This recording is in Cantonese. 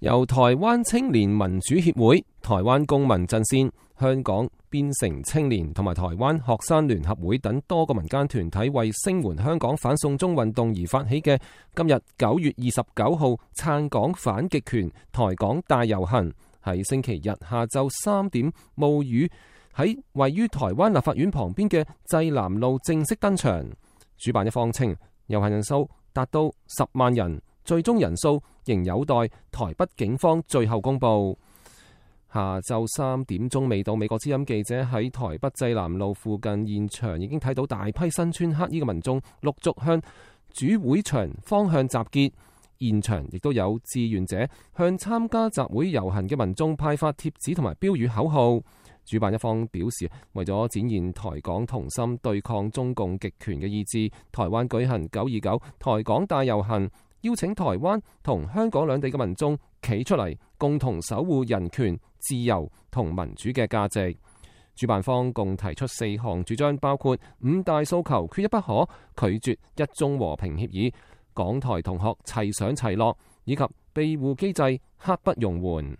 由台灣青年民主協會、台灣公民陣線、香港邊城青年同埋台灣學生聯合會等多個民間團體為聲援香港反送中運動而發起嘅今日九月二十九號撐港反極權台港大遊行，喺星期日下晝三點冒雨喺位於台灣立法院旁邊嘅濟南路正式登場。主辦一方稱遊行人數達到十萬人。最終人數仍有待台北警方最後公布。下晝三點鐘未到，美國之音記者喺台北濟南路附近現場已經睇到大批身穿黑衣嘅民眾陸續向主會場方向集結。現場亦都有志願者向參加集會遊行嘅民眾派發貼紙同埋標語口號。主辦一方表示，為咗展現台港同心對抗中共極權嘅意志，台灣舉行九二九台港大遊行。邀請台灣同香港兩地嘅民眾企出嚟，共同守護人權、自由同民主嘅價值。主辦方共提出四項主張，包括五大訴求缺一不可，拒絕一中和平協議，港台同學齊上齊落，以及庇護機制刻不容緩。